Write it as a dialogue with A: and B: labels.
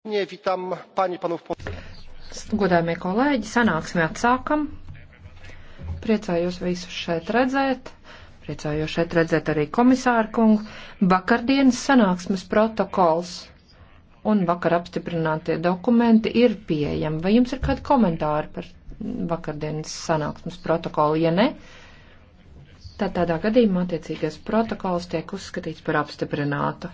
A: Godājumie
B: kolēģi, sanāksmi atsākam. Priecājos visus šeit redzēt. Priecājos šeit redzēt arī komisāru kungu. Vakardienas sanāksmes protokols un vakar apstiprinātie dokumenti ir pieejami. Vai jums ir kādi komentāri par vakardienas sanāksmes protokolu? Ja ne, tad tādā gadījumā attiecīgais protokols
C: tiek uzskatīts par apstiprinātu.